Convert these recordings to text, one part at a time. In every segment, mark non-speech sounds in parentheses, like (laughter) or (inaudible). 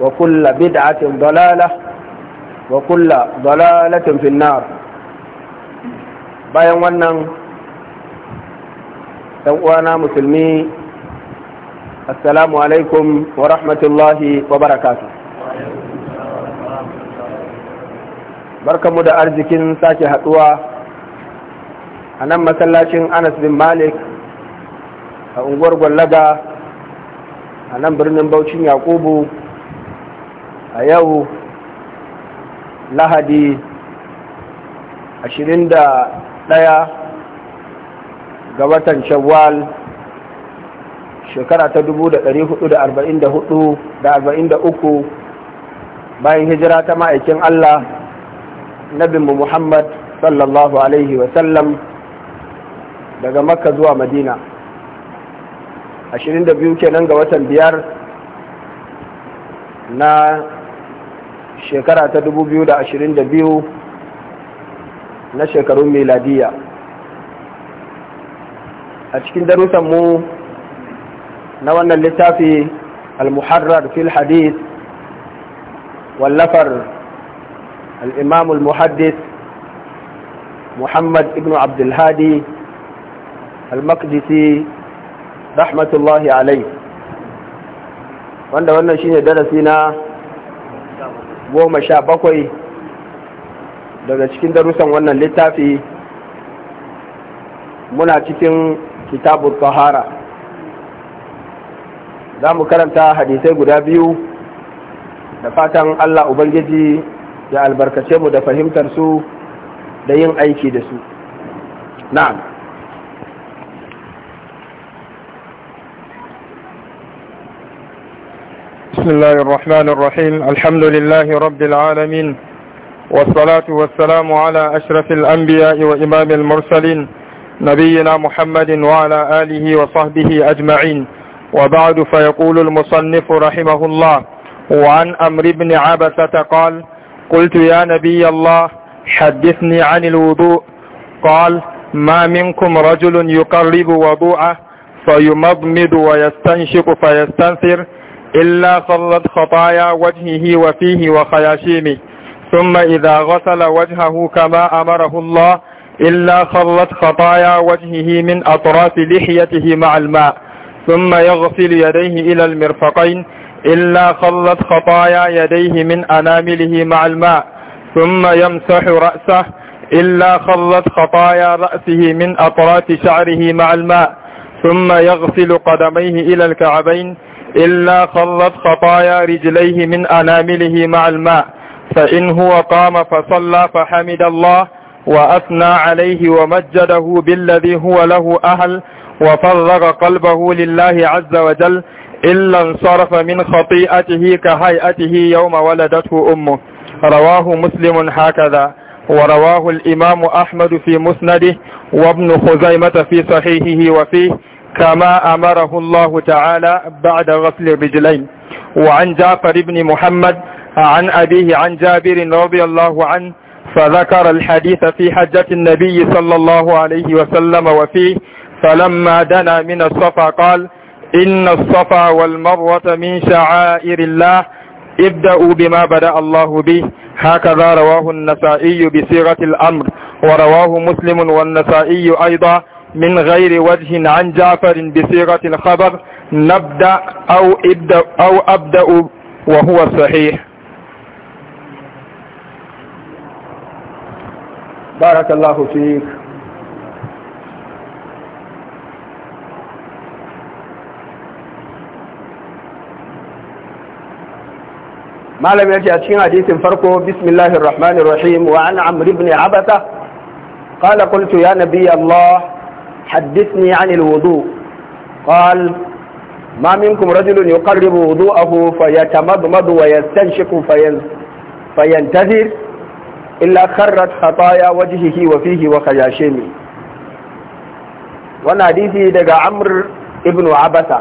وكل بدعة ضلالة وكل ضلالة في النار bayan wannan ɗan uwana musulmi assalamu alaikum wa rahmatullahi wa barakatu barkamu da arzikin sake haɗuwa a nan masallacin anas bin malik a unguwar gwallaga a nan birnin baucin yakubu a yau lahadi 21 ga watan shawwal shekara ta dubu da 43 bayan hijira ta ma'aikin Allah nabinmu Muhammad sallallahu alaihi wasallam daga makka zuwa madina 22 kenan ga watan biyar na shekara ta 2022 na shekarun miladiya a cikin mu na wannan littafi al-muharrar fil hadith wallafar al-imam al-muhaddis muhammad ibn abdulhadi al-maqdisi rahmatullahi alai wanda wannan shine darasi na goma sha bakwai daga cikin darussan wannan littafi muna cikin kitabul tahara za mu karanta hadisai guda biyu da fatan allah ubangiji ya albarkace mu da fahimtar su da yin aiki da su na'am بسم الله الرحمن الرحيم الحمد لله رب العالمين والصلاة والسلام على أشرف الأنبياء وإمام المرسلين نبينا محمد وعلى آله وصحبه أجمعين وبعد فيقول المصنف رحمه الله وعن أمر ابن عبسة قال قلت يا نبي الله حدثني عن الوضوء قال ما منكم رجل يقرب وضوءه فيمضمض ويستنشق فيستنثر إلا صلت خطايا وجهه وفيه وخياشيمه ثم إذا غسل وجهه كما أمره الله إلا خلت خطايا وجهه من أطراف لحيته مع الماء ثم يغسل يديه إلى المرفقين إلا خلت خطايا يديه من أنامله مع الماء ثم يمسح رأسه إلا خلت خطايا رأسه من أطراف شعره مع الماء ثم يغسل قدميه إلى الكعبين إلا خلت خطايا رجليه من أنامله مع الماء فإن هو قام فصلى فحمد الله وأثنى عليه ومجده بالذي هو له أهل وفرغ قلبه لله عز وجل إلا انصرف من خطيئته كهيئته يوم ولدته أمه رواه مسلم هكذا ورواه الإمام أحمد في مسنده وابن خزيمة في صحيحه وفيه كما أمره الله تعالى بعد غسل الرجلين وعن جعفر بن محمد عن أبيه عن جابر رضي الله عنه فذكر الحديث في حجة النبي صلى الله عليه وسلم وفيه فلما دنا من الصفا قال إن الصفا والمروة من شعائر الله ابدأوا بما بدأ الله به هكذا رواه النسائي بصيغة الأمر ورواه مسلم والنسائي أيضا من غير وجه عن جعفر بصيغة الخبر نبدأ أو ابدأ أو أبدأ وهو صحيح بارك الله فيك ما لم يجي أشين حديث فرقه بسم الله الرحمن الرحيم وعن عمرو بن عبثة قال قلت يا نبي الله حدثني عن الوضوء قال ما منكم رجل يقرب وضوءه فيتمضمض ويستنشق فينتذر إلا خرت خطايا وجهه وفيه وخياشمه wani hadisi daga amr ibn abasa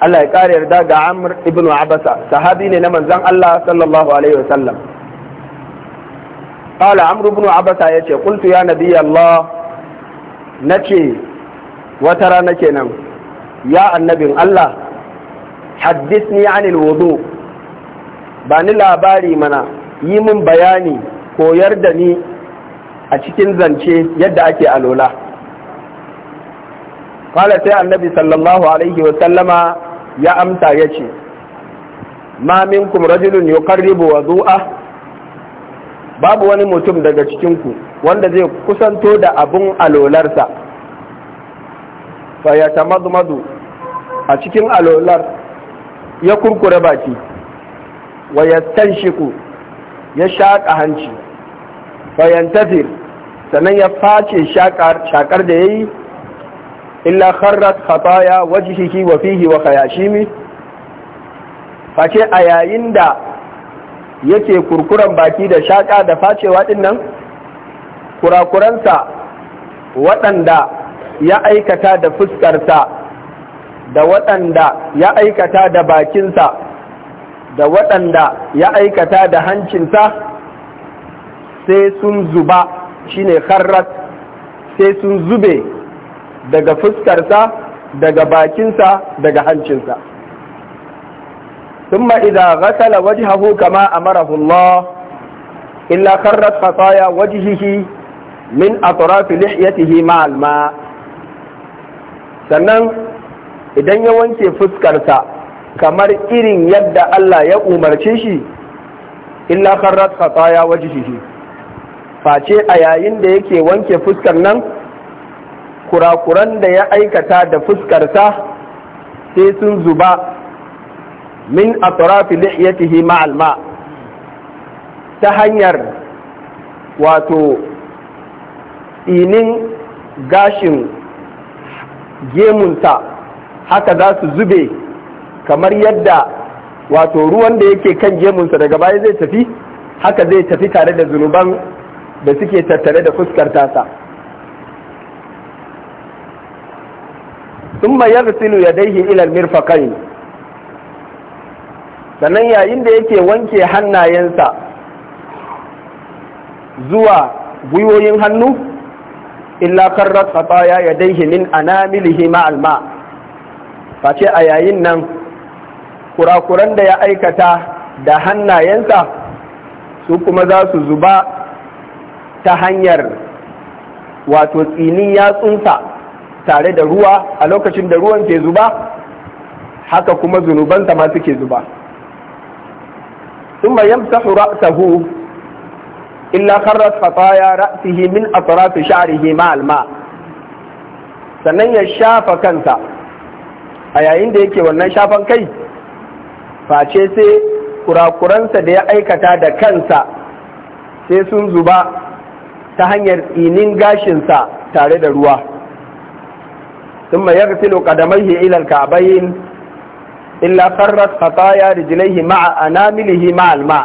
Allah ya ƙari yarda ga amr ibn abasa sahabi ne na manzan Allah sallallahu alaihi wasallam ibn abasa ya ce ƙultu ya nabi Allah na ce wata rana kenan ya annabin Allah haddisni anil wudu ba ni labari mana yi min bayani koyar da ni a cikin zance yadda ake alola kala sai annabi sallallahu alaihi wasallama ya amsa ya ce ma minkum rajulun yuqarribu wudu'ah babu wani mutum daga cikinku wanda zai kusanto da abun alolarsa fayyata mazu a cikin alolar ya kurkure baki Wa ya tanshiku ya shaƙa hanci fayyantafir sannan ya face shakar da ya yi illa kharrat khataya wajhihi wa fihi wa khayashimi face a yayin da yake kurkuran baki da shaƙa da facewa ɗin nan kurakuransa waɗanda ya aikata da fuskarsa da waɗanda ya aikata da bakinsa da waɗanda ya aikata da hancinsa sai sun zuba shine kharrat sai sun zube daga fuskarsa daga bakinsa daga hancinsa ثم إذا غسل وجهه كما أمره الله إلا خرت خطايا وجهه من أطراف لحيته مع الماء sannan idan ya wanke fuskarsa kamar irin yadda Allah ya umarce shi illa kharrat khataya wajhihi face a yayin da yake wanke fuskar nan kurakuran da ya aikata da fuskarsa sai sun zuba min atrafi lihiyatihi ma'al alma ta hanyar wato inin gashin gemunsa haka za su zube kamar yadda wato ruwan da yake kan gemunsa daga baya zai tafi haka zai tafi tare da zunuban da suke tattare da fuskar tasa ثم يغسل يديه إلى المرفقين sannan yayin da yake wanke hannayensa zuwa gwiwoyin hannu illa ya khataya a min anamilihi ma alma ce a yayin nan kurakuran da ya aikata da hannayensa su kuma za su zuba ta hanyar wato tsini yatsunsa tare da ruwa a lokacin da ruwan ke zuba haka kuma zunubansa ma suke zuba ثم يمسح رأسه إلا خرت خطايا رأسه من أطراف شعره مع الماء sannan ya shafa kansa a yayin da yake wannan shafan kai face sai kurakuransa da ya aikata da kansa sai sun zuba ta hanyar inin gashinsa tare da ruwa sun mai yarfilo ƙadamai ilal ka'abayin illa farrat khataya rijlaihi ma'a anamilihi ma'al ma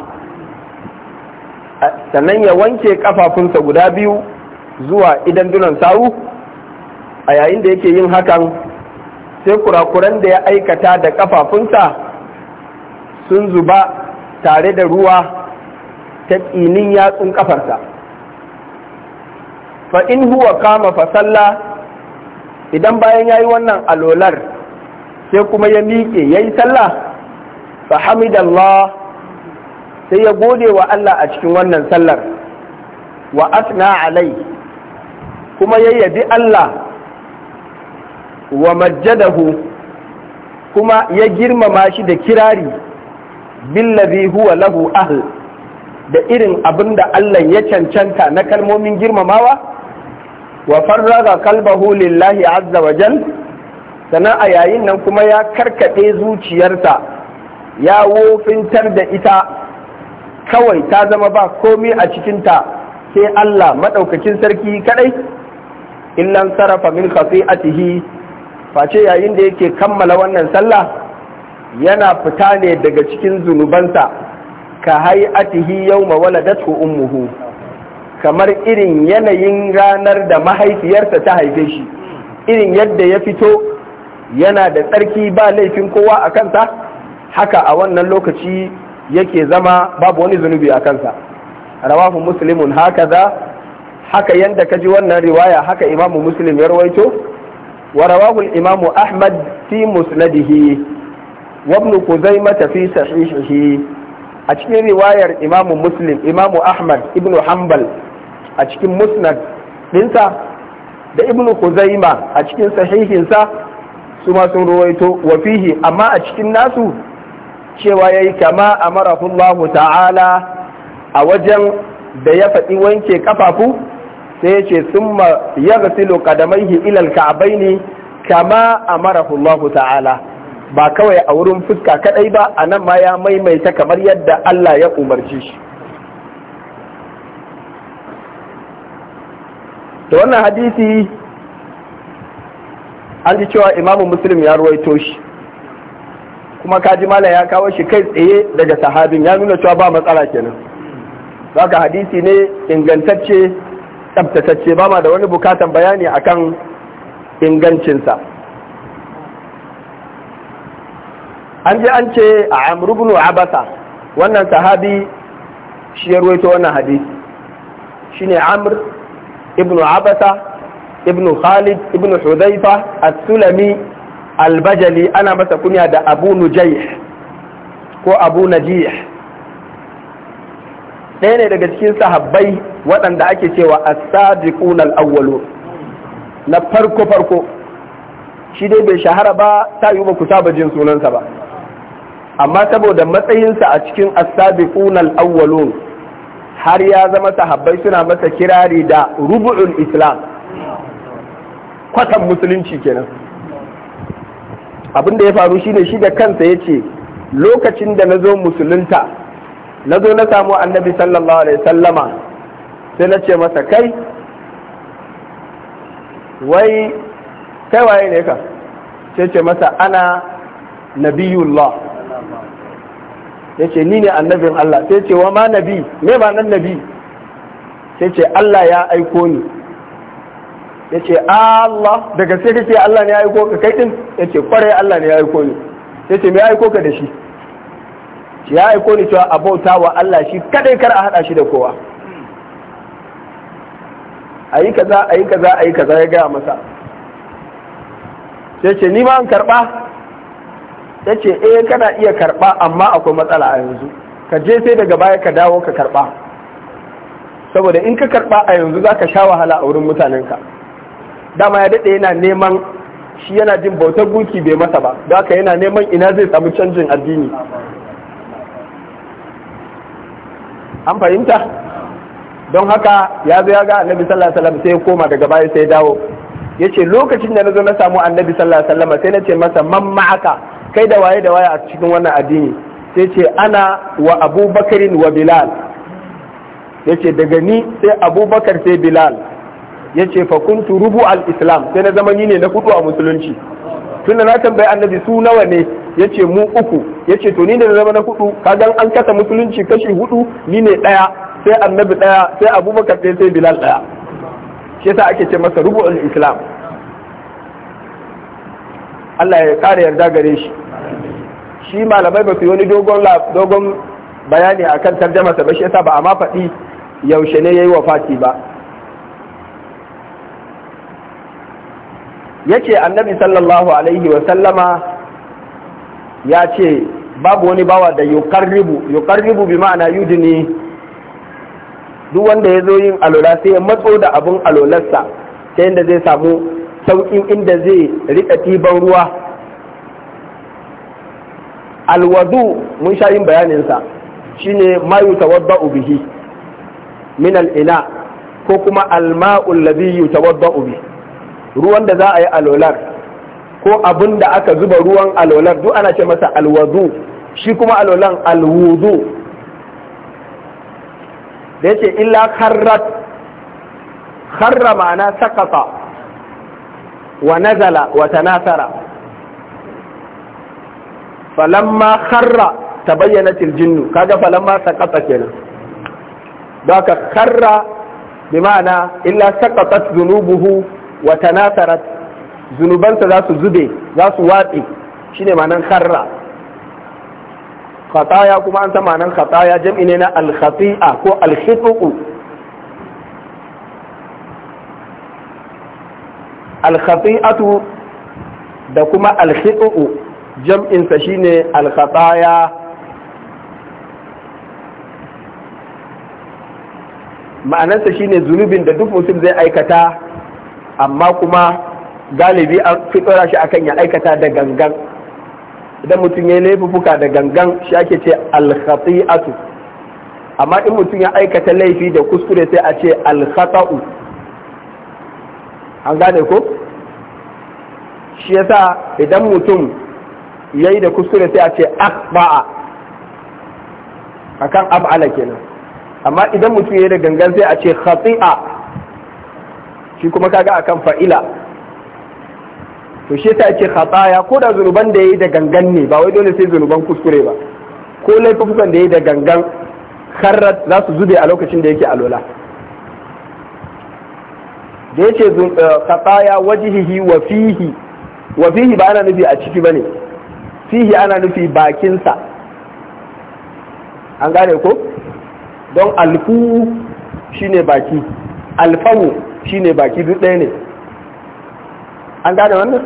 sannan ya wanke kafafunsa guda biyu zuwa idan dunan sawu a yayin da yake yin hakan sai kurakuran da ya aikata da kafafunsa sun zuba tare da ruwa ta tsinin yatsun kafarsa fa in huwa kama fasalla idan bayan yayi wannan alolar sai kuma ya miƙe ya yi sallah fa hamidallah sai ya gode wa Allah a cikin wannan sallar wa asna alai kuma ya yabi Allah wa majjadahu kuma ya girmama shi da kirari billazi huwa lahu ahl da irin abin da Allah ya cancanta na kalmomin girmamawa wa farraga kalbahu lillahi azza wa sannan a yayin nan kuma ya karkaɗe zuciyarta ya wofintar da ita kawai ta zama ba komi a cikinta sai Allah maɗaukacin sarki kaɗai illan sarrafa min khasi'atihi face yayin da yake kammala wannan sallah yana fita ne daga cikin zunubansa ka hai'atihi yawma waladatu ummuhu kamar irin yanayin ranar da mahaifiyarsa ta haife shi irin yadda ya fito yana da tsarki ba laifin kowa a kansa haka a wannan lokaci yake zama babu wani zunubi a kansa rawahu muslimun haka za haka yadda kaji wannan riwaya haka imamu muslim ya rawaito wa rawahu imamu ahmad fi musnadihi wa ibn kuzaimah fi sahihihi a cikin riwayar imamu muslim imamu ahmad ibn hanbal a cikin musnad dinsa da ibn kuzaima a cikin sahihinsa su ma sun ruwaito wa fihi amma a cikin nasu cewa ya yi kama a amarahu ta'ala a wajen da ya faɗi wanke ƙafafu sai ce sun yace summa yaghsilu qadamaihi ilal ka'abai ne kama amarahu ta'ala ba kawai a wurin fuska kaɗai ba a nan ma ya maimaita kamar yadda Allah ya umarci shi to wannan hadisi an ji cewa imamu muslim ya ruwaito shi kuma kaji mala ya kawo shi kai tsaye daga sahabin ya nuna cewa ba matsala kenan zaka hadisi ne ingantacce tsabtatacce ba ma da wani bukatan bayani akan ingancinsa an ji an ce a amrubnu abasa wannan sahabi shi ya ruwaito wannan hadisi shine amr ibnu abasa ibn khalid ibn hudhaifa as-sulami al-bajali ana masa kunya da abu nujayh ko abu najih ɗaya ne daga cikin sahabbai waɗanda ake cewa as-sadiqun al-awwalu na farko farko shi dai bai shahara ba ta yi ba ku saba jin sunansa ba amma saboda matsayinsa a cikin as-sabiqun al-awwalun har ya zama sahabbai suna masa kirari da rubu'ul islam kwatan musulunci kenan abin da ya faru shine shi da kansa ya ce lokacin da na zo musulunta na zo na samu annabi sallallahu alaihi sallama sai na ce masa kai wai kai waye ne ka sai ce masa ana nabiyullah ya ce ni ne annabin Allah sai ce wa ma nabi me ma nan nabi sai ce Allah ya aiko ni ya ce Allah daga sai kake Allah ne ya aiko ka kai din ya ce kwarai Allah ne ya aiko ni ya ce me ya aiko ka da shi ya aiko ni cewa abauta wa Allah shi kadai kar a hada shi da kowa ayi kaza ayi kaza ayi kaza ya gaya masa sai ce ni ma an karba ya ce eh kana iya karba amma akwai matsala a yanzu ka je sai daga baya ka dawo ka karba saboda in ka karba a yanzu za ka sha wahala a wurin mutanenka dama ya daɗe yana neman shi yana jin bautar gunki bai masa ba da aka yana neman ina zai samu canjin addini an fahimta don haka ya zo ya ga annabi sallallahu alaihi wasallam sai ya koma daga baya sai ya dawo yace lokacin da na zo na samu annabi sallallahu alaihi wasallam sai na ce masa man ma'aka kai da waye da waye a cikin wannan addini sai ce ana wa abubakarin wa bilal yace daga ni sai abubakar sai bilal yace fa kuntu rubu al-islam sai na zama ni ne na hudu a musulunci tunda na tambayi annabi su nawa ne yace mu uku yace to ni ne na zama na hudu kagan an kasa musulunci kashi hudu ni ne daya sai annabi daya sai abubakar ɗaya sai bilal daya shi yasa ake ce masa rubu al-islam Allah ya kare yarda gare shi shi malamai ba su yi wani dogon bayani akan tarjama ba shi yasa ba a ma faɗi yaushe ne yayi wafati ba yace annabi sallallahu alaihi wa sallama ya ce babu wani bawa da yukarribu yukarribu bi ma'ana yudni duk wanda ya zo yin alola sai ya matso da abun alolarsa ta yadda zai samu sauƙin inda zai riƙa tiban ruwa alwadu mun sha yin bayaninsa shine mayu yutawadda bihi min al'ina ko kuma alma'ul ladhi yutawadda bihi ruwan da za a yi alolar ko abin da aka zuba ruwan alolar duk ana ce masa alwazu shi kuma alolan alwuzu da yace illa karrat harra ma'ana sakata wa nazala wa tanasara falamma kharra tabayyanat aljinnu kaga falamma sakata kenan da baka kharra bima'ana illa saqatat dhunubuhu wata tanasarat zunubansa za su zube za su watse shine manan karra khataya kuma an san ma'anan khataya jam'i ne na al ko al alkhati'atu da kuma alkhitu'u jam'insa shine alkhataya ma'anarsa shine zunubin da duk mutum zai aikata amma kuma galibi an fi tsora shi akan ya aikata da gangan idan mutum ya yi laifuka da gangan shi ake ce alkhati'atu amma in mutum ya aikata laifi da kuskure sai a ce alkhata'u an gane ko shi yasa idan mutum ya yi da kuskure sai a ce akba'a akan ab'ala kenan amma idan mutum ya yi da gangan sai a ce khati'a shi kuma kaga akan fa'ila to shi ta ce khataya ko da zunuban da yayi da gangan ne ba wai dole sai zunuban kuskure ba ko laifukan da yayi da gangan kharrat za su zube a lokacin da yake alola da yace eh, khataya wajhihi wa fihi wa fihi ba ana nufi a ciki bane fihi ana nufi bakinsa an gane ko don alfu shine baki alfamu Shi ne baki duk ɗaya ne an gane wannan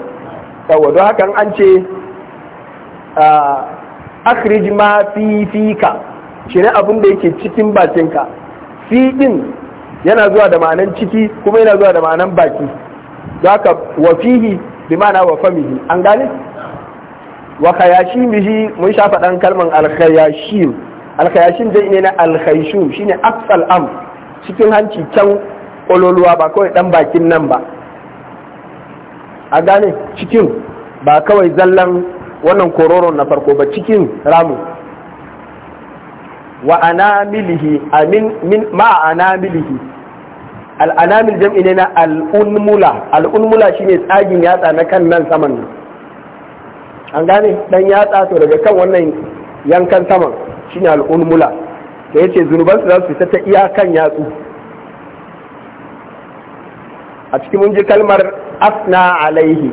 yawa don hakan an ce akhrij ma fi fi ka shi ne abin da yake cikin bakinka fi din yana zuwa da ma'anan ciki kuma yana zuwa da ma'anan baki don haka wa fihi bi ma'ana wa famihi an gane wa khayashin bihi mun sha faɗan kalman alkhayashi alkhayashin dai ne na shi shine afsal am cikin hanci can ƙololuwa ba kawai ɗan bakin nan ba a gane cikin ba kawai zallan wannan kororon na farko ba cikin ramu wa anamilihi amin min ma anamilihi al'anamil jam'i ne na al'unmula al'unmula shine tsagin yatsa na kan nan saman nan an gane dan yatsa to daga kan wannan yankan saman shine al'unmula da yace zunubansu za su fita ta iya kan yatsu a cikin mun ji kalmar asna alaihi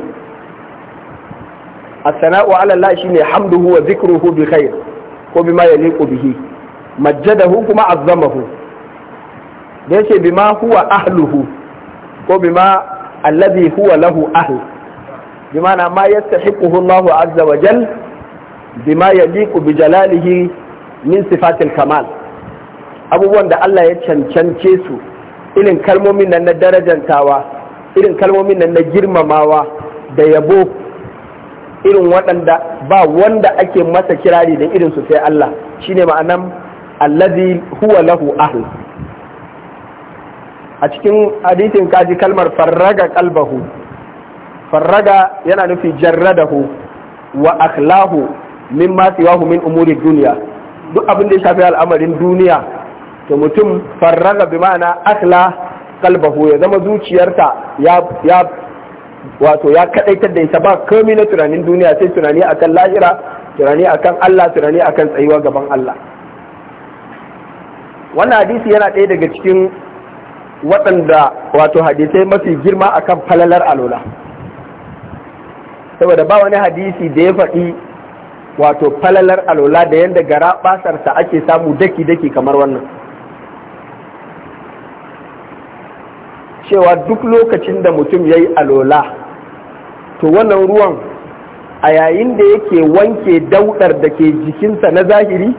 as-sana'u ala Allah shine hamduhu wa zikruhu bi khair ko bima yaliqu bihi majjadahu kuma azzamahu da yake bima huwa ahluhu ko bima alladhi huwa lahu ahl bimana ma yastahiquhu Allahu azza wa jal bima yaliqu bi jalalihi min sifatil kamal abubuwan da Allah ya cancance su Ilin kalmomin nan na darajantawa irin kalmomin nan na girmamawa da yabo irin waɗanda ba wanda ake masa kirari da irinsu sai Allah shine ma'anan allazi huwa lahu ahl a cikin hadisin kaji kalmar farraga kalbahu farraga yana nufi jarradahu wa akhlahu mimma siwahu min umuri duniya duk abin da ya shafi al'amarin duniya to mutum farraga bi ma'ana akhla kalbahu ya zama zuciyarta ya wato ya kadaitar da ita ba komai na tunanin duniya sai tunani akan lahira tunani akan Allah tunani akan tsayuwa gaban Allah wannan hadisi yana ɗaya daga cikin waɗanda wato hadisai mafi girma akan falalar alola saboda ba wani hadisi da ya faɗi wato falalar alola da yadda gara basarsa ake samu daki-daki kamar wannan cewa duk lokacin da mutum ya yi alola to wannan ruwan a yayin da yake wanke dauɗar da ke jikinsa na zahiri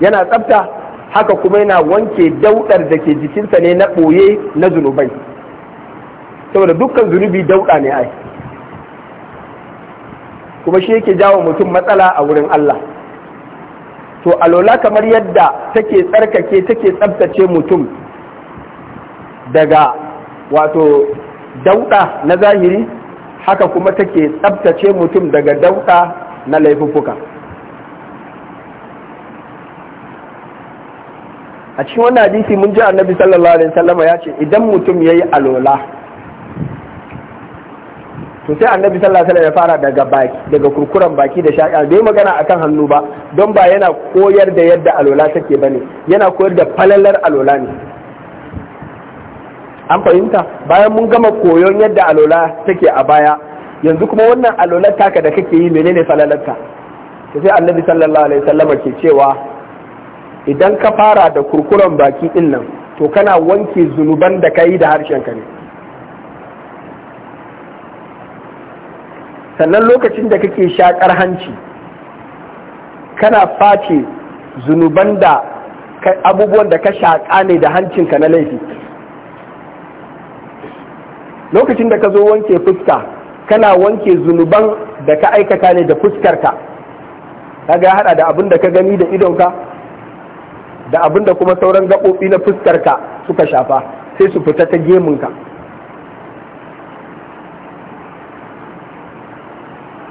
yana tsafta haka kuma yana wanke dauɗar da ke jikinsa ne na ɓoye na zunubai saboda dukkan zunubi dauɗa ne ai kuma shi yake jawo mutum matsala a wurin Allah to alola kamar yadda take tsarkake take tsabtace mutum daga wato dauɗa na zahiri haka kuma take tsabtace mutum daga dauɗa na laifuffuka a cikin wannan hadisi mun ji annabi sallallahu alaihi wasallam ya ce idan mutum yayi alola to sai annabi sallallahu alaihi wasallam ya fara daga baki daga kurkuran baki da sha'a bai magana akan hannu ba don ba yana koyar da yadda alola take bane yana koyar da falalar alola ne an fahimta bayan mun gama koyon yadda alola take a baya yanzu kuma wannan alolar taka da kake yi menene falalarta ta sai annabi sallallahu alaihi sallama ke cewa idan ka fara da kurkuren baki din nan to kana wanke zunuban da ka yi da harshenka ne sannan lokacin da kake shakar hanci kana face zunuban da abubuwan da ka shaƙa ne da hancinka na laifi lokacin da ka zo wanke fuska kana wanke zunuban da ka aikata ne da fuskarka kaga ya hada da abin da ka gani da idonka da abin da kuma sauran gaɓoɓi na fuskarka suka shafa sai su fita ta gemunka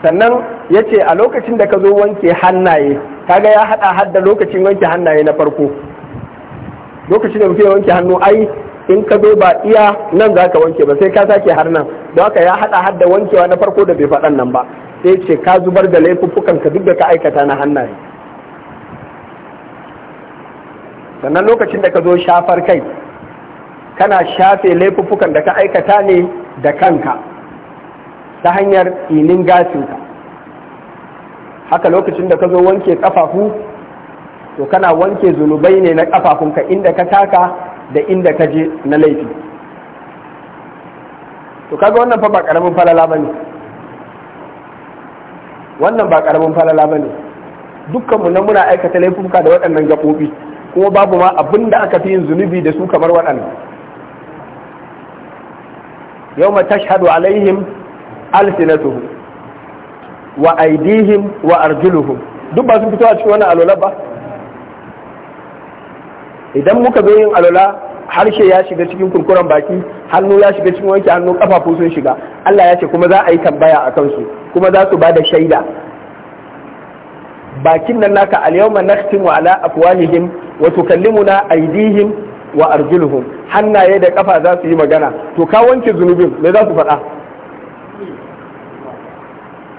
sannan ya ce a lokacin da ka zo wanke hannaye kaga ya hada hadda lokacin wanke hannaye na farko lokacin da muke wanke hannu ai in ka zo ba iya nan za ka wanke ba sai ka sake har nan don haka ya haɗa har da wankewa na farko da bai faɗan nan ba sai ce ka zubar da laifuffukan ka duk da ka aikata na hannaye sannan lokacin da ka zo shafar kai kana shafe laifuffukan da ka aikata ne da kanka ta hanyar inin gasinka haka lokacin da ka zo wanke kafafu to kana wanke zunubai ne na kafafunka inda ka taka da inda ka je na laifi to kaga wannan fa ba karamin falala bane wannan ba karamin falala bane dukkanmu nan muna aikata laifuka da waɗannan gaɓoɓi kuma babu ma abin da aka fi yin zunubi da su kamar waɗannan yau ma tashhadu alaihim alsinatuhum wa aidihim wa arjuluhum duk ba sun fito a cikin wannan alolar ba idan muka zo yin alwala harshe ya shiga cikin kurkuren baki hannu ya shiga cikin wanke hannu kafafu sun shiga Allah ya ce kuma za a yi tambaya a kansu kuma za su ba da shaida bakin nan naka alyawma nakhtimu ala afwahihim wa tukallimuna aydihim wa arjuluhum hannaye da kafa za su yi magana to ka wanke zunubin me za su faɗa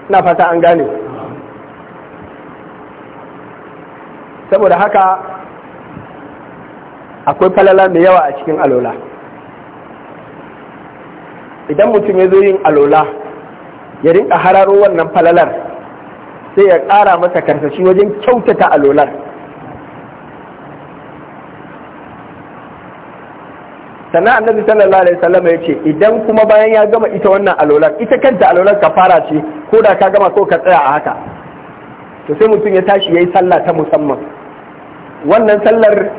ina fata an gane saboda haka akwai falala mai yawa a cikin alola idan mutum ya zo yin alola ya rinka hararo wannan falalar sai ya ƙara masa karsashi wajen kyautata alolar sannan annabi sallallahu alaihi wasallam ya ce idan kuma bayan ya gama ita wannan alolar ita kanta alolar ka fara ce ko da ka gama ko ka tsaya a haka to sai mutum ya tashi ya yi sallah ta musamman wannan sallar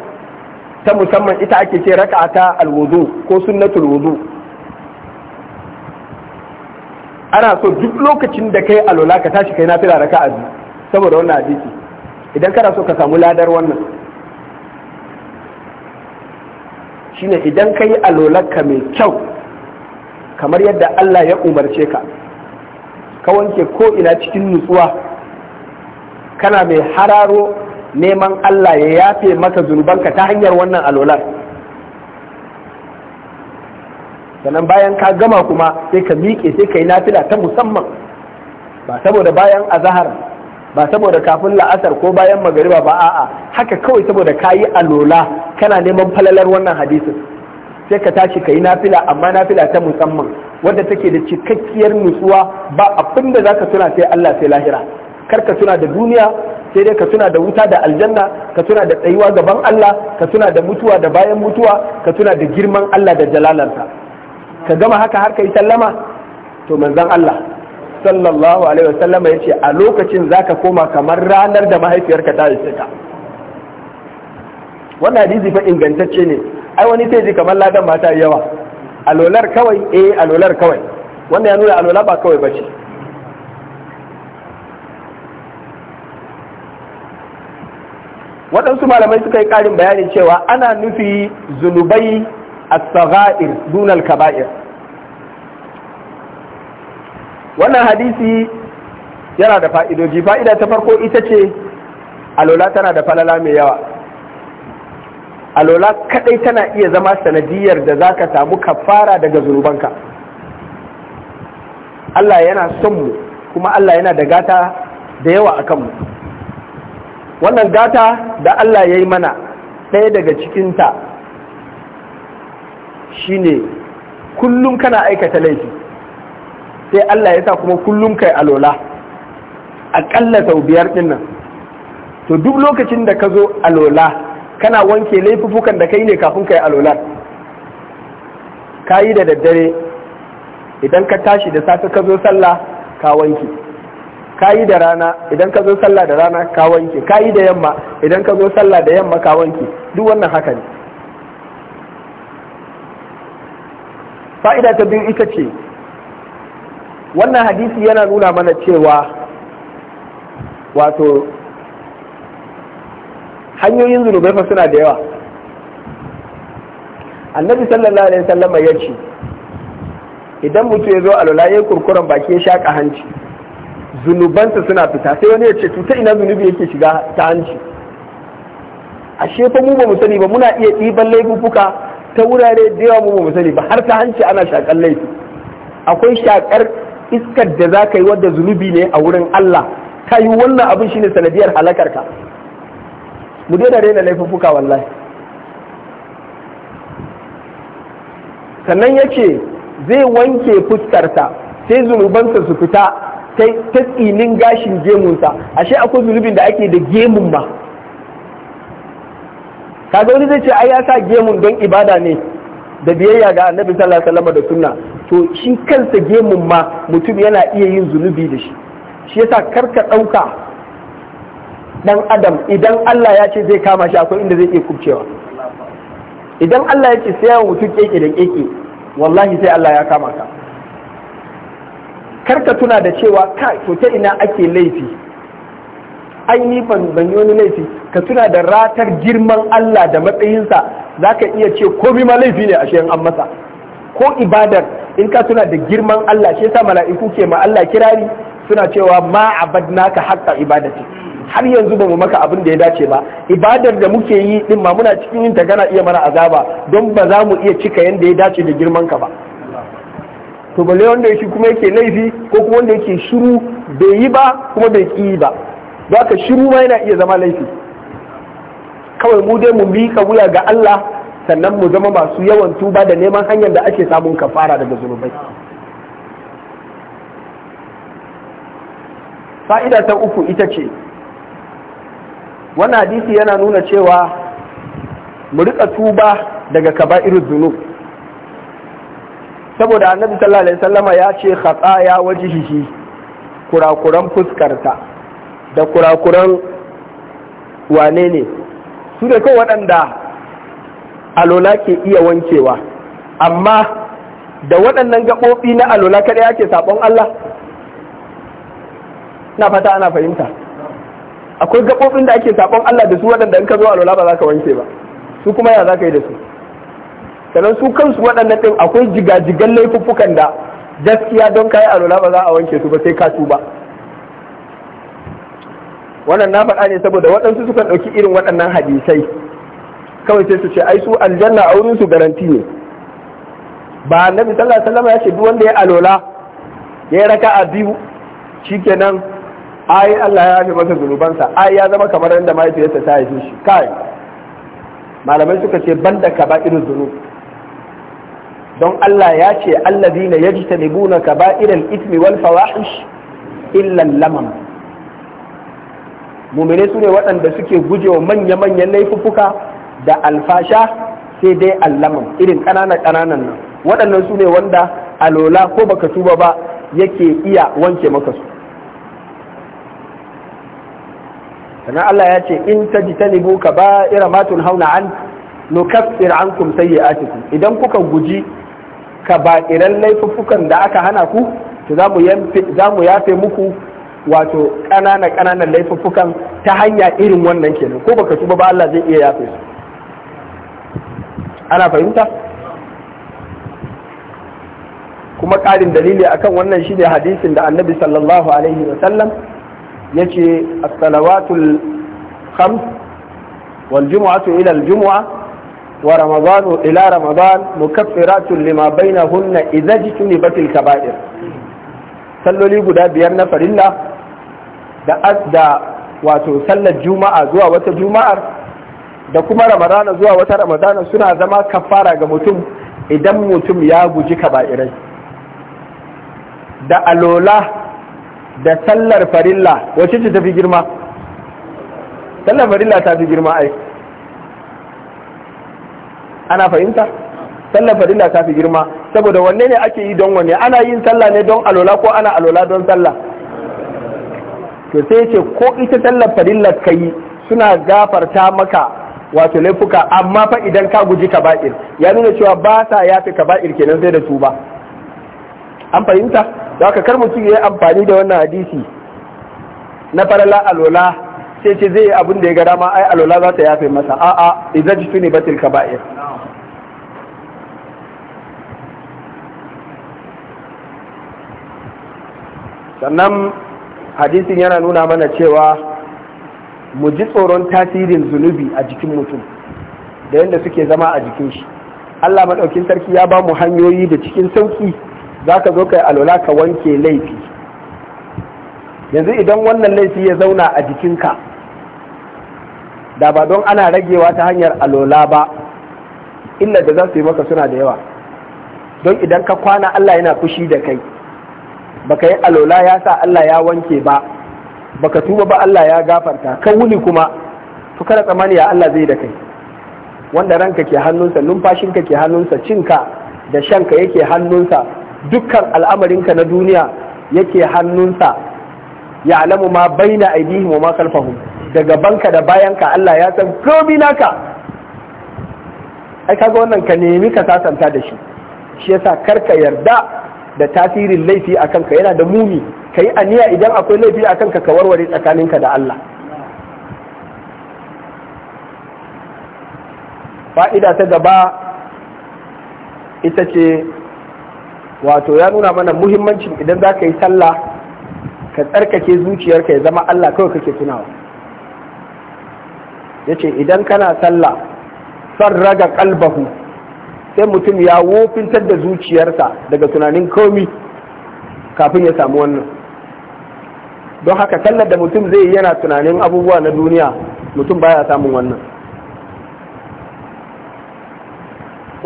ta musamman ita ake ce raka ta alwudu ko sunnatul wudu ana so duk lokacin da kai alola ka tashi kai nafila a biyu saboda wannan hadisi idan kana so ka samu ladar wannan shine idan ka yi alolarka mai kyau kamar yadda Allah ya umarce ka ka wanke ko ina cikin nutsuwa kana mai hararo neman Allah ya yafe maka zunubanka ta hanyar wannan alolar sannan bayan ka gama kuma sai ka miƙe sai ka yi nafila ta musamman ba saboda bayan azahar ba saboda kafin la'asar ko bayan magariba ba a'a haka kawai saboda ka yi alola kana neman falalar wannan hadisin sai ka tashi ka yi nafila amma nafila ta musamman wadda take da cikakkiyar nutsuwa ba abin da za ka tuna sai Allah sai lahira kar ka tuna da duniya sai dai ka tuna da wuta da aljanna ka tuna da tsayuwa gaban Allah ka tuna da mutuwa da bayan mutuwa ka tuna da girman Allah da jalalarsa ka gama haka har kai sallama to manzon Allah sallallahu alaihi wasallama yace a lokacin zaka koma kamar ranar da mahaifiyarka ta yi ka wannan hadisi fa ingantacce ne ai wani sai ji kamar ladan mata yawa alolar kawai eh alolar kawai wannan ya nuna alola ba kawai bace waɗansu malamai suka yi ƙarin bayani cewa ana nufi zunubai a tsaga'ir dunal kaba'ir wannan hadisi yana da fa'idoji fa'ida ta farko ita ce alola tana da falala mai yawa alola kadai tana iya zama sanadiyar da za ka samu kafara daga zunubanka Allah yana son mu kuma Allah yana da gata da yawa a kanmu wannan gata da Allah ya yi mana ɗaya daga cikinta shi ne, kullum kana aikata laifi sai Allah ya sa kuma kullum kai alola aƙalla sau biyar ɗinnan. nan to duk lokacin da ka zo alola kana wanke laifufukan da kai ne kafin kai alola ka yi da daddare idan ka tashi da safe ka zo sallah ka wanke Ka yi da rana idan ka zo sallah da rana ka wanke ka yi da yamma idan ka zo sallah da yamma ka wanke duk wannan haka ne fa'ida ta biyu ita ce wannan hadisi yana nuna mana cewa wato hanyoyin zunubai fa suna da yawa annabi sallallahu alaihi wasallam ya ce idan mutum ya zo alula ya kurkuren baki ya shaƙa hanci zunubansa suna fita sai wani ya ce tuta ina zunubi yake shiga ta hanci ashe fa mu ba mu sani ba muna iya ɗiban laifuka ta wurare da yawa mu ba mu sani ba har ta hanci ana shakar laifi akwai shakar iskar da za ka yi wadda zunubi ne a wurin Allah ka yi wannan abin shine sanadiyar ka? mu daina raina laifuka wallahi sannan ya zai wanke fuskarta sai zunubansa su fita ta tsinin gashin gemunsa ashe akwai zunubin da ake da gemun ma kaga wani zai ce ai ya sa gemun don ibada ne da biyayya ga annabi sallallahu alaihi wasallam da sunna to shi kansa gemun ma mutum yana iya yin zunubi da shi shi yasa karka ɗauka dan adam idan Allah ya ce zai kama shi akwai inda zai iya kubcewa idan Allah ya ce sai yawan mutum keke da keke wallahi sai Allah ya kama ka karka tuna da cewa ka ta ina ake laifi aini ban ban yi laifi ka tuna da ratar girman Allah da matsayinsa za ka iya ce ko ma laifi ne ashe an masa ko ibadar in ka tuna da girman Allah shi yasa mala'iku ke ma Allah kirari suna cewa ma abadnaka haqqa ibadati har yanzu ba mu maka abin da ya dace ba ibadar da muke yi din ma muna cikin yin ta na iya mana azaba don ba za mu iya cika yanda ya dace da girman ka ba to balle wanda shi kuma yake laifi ko kuma wanda yake shiru bai yi ba kuma bai ki ba za ka shiru ma yana iya zama laifi kawai mu dai mu mika wuya ga Allah sannan mu zama masu yawan tuba da neman hanyar da ake samun kafara daga zunubai fa'ida ta uku ita ce wannan hadisi yana nuna cewa mu riƙa tuba daga kaba'iru zunub saboda annabi sallallahu alaihi wasallama ya ce khataya wajhihi kurakuran fuskarta da kurakuran wane ne su da kai waɗanda alola ke iya wankewa amma da waɗannan gaɓoɓi na alola kada yake saɓon Allah na fata ana fahimta akwai gaɓoɓin da ake saɓon Allah da su waɗanda in ka zo alola ba za ka wanke ba su kuma ya za ka yi da su sannan su kansu waɗannan ɗin akwai jigajigan laifuffukan da gaskiya don kayi alwala ba za a wanke su ba sai ka tuba wannan na faɗa ne saboda waɗansu suka ɗauki irin waɗannan hadisai kawai sai su ce ai su aljanna a wurin su garanti ne ba annabi sallallahu alaihi wasallam ya ce duk wanda ya alola ya yi raka'a biyu shikenan ai Allah ya fi masa zunubansa ai ya zama kamar yadda mahaifiyarsa ta haife shi kai malamai suka ce banda ka ba irin zunubi don Allah ya ce alladina yajtanibuna kaba'iral ithmi wal fawahish illan lamam mumine su ne waɗanda suke gujewa manya-manyan laifuffuka da alfasha sai dai allaman irin ƙananan ƙananan nan waɗannan su ne wanda alola ko baka tuba ba yake iya wanke maka su sana Allah ya ce in ta ji ta ka ba ira matun hauna an nukaffir an kum sayi idan kuka guji Ka ba kaba'iran laifuffukan da aka hana ku to za mu yafe muku wato ƙanana ƙananan laifuffukan ta hanya irin wannan kenan ko baka tuba ba Allah zai iya yafe su ana fahimta kuma ƙarin dalili akan wannan shine hadisin da annabi sallallahu alaihi wa sallam yace as-salawatul khams wal jumu'atu ila al-jumu'ah wa ramadanu ila ramadan mukaffiratun lima bainahunna idza jitunibatil kaba'ir salloli guda biyar na farilla da da wato sallar juma'a zuwa wata juma'ar da kuma ramadana zuwa wata ramadana suna zama kafara ga mutum idan mutum ya guji kaba'irai da alola da sallar farilla wacce ce fi girma sallar farilla ta fi girma ai ana fahimta sallar fadila ta fi girma saboda wanne ne ake yi don wanne ana yin sallah ne don alola ko ana alola don sallah to sai ce ko ita sallar fadila ka yi suna gafarta maka wato laifuka amma fa idan ka guji kaba'ir ya nuna cewa ba sa ya fi kaba'ir kenan sai da ba an fahimta da aka kar mutum ya yi amfani da wannan hadisi na farala alola sai ce zai yi abin da ya ga dama ai alola za ta yafe masa a'a idan ji tuni batil kaba'ir sannan hadisin yana nuna mana cewa mu ji tsoron tasirin zunubi a jikin mutum da yadda suke zama a jikin shi Allah maɗaukin sarki ya ba mu hanyoyi da cikin sauki za ka zo ka yi alola ka wanke laifi yanzu idan wannan laifi ya zauna a jikinka da ba don ana ragewa ta hanyar alola ba illa da za su yi maka suna da yawa don idan ka kwana Allah yana fushi da kai baka yi alola ya sa Allah ya wanke ba baka tuba ba Allah ya gafarta ka wuni kuma to kada tsamani ya Allah zai da kai wanda ranka ke hannunsa numfashinka ke hannunsa cinka da shanka yake hannunsa dukkan al'amarinka na duniya yake hannunsa ya alamu ma baina aidihim wa ma khalfahum daga banka da bayanka Allah ya san komai naka ai kaga wannan ka nemi ka sasanta da shi shi yasa karka yarda da tasirin laifi a kanka yana da mumi ka yi aniya idan akwai laifi a kanka ka warware tsakaninka da Allah fa'ida ta gaba ita ce wato ya nuna mana muhimmancin idan za ka yi sallah ka tsarkake zuciyarka ya zama Allah kawai kake tunawa ya ce idan kana sallah son raga kalbahu sai mutum ya wofintar da zuciyarsa daga tunanin komi kafin ya samu wannan don haka sallar da mutum zai yi yana tunanin abubuwa na duniya mutum baya samun wannan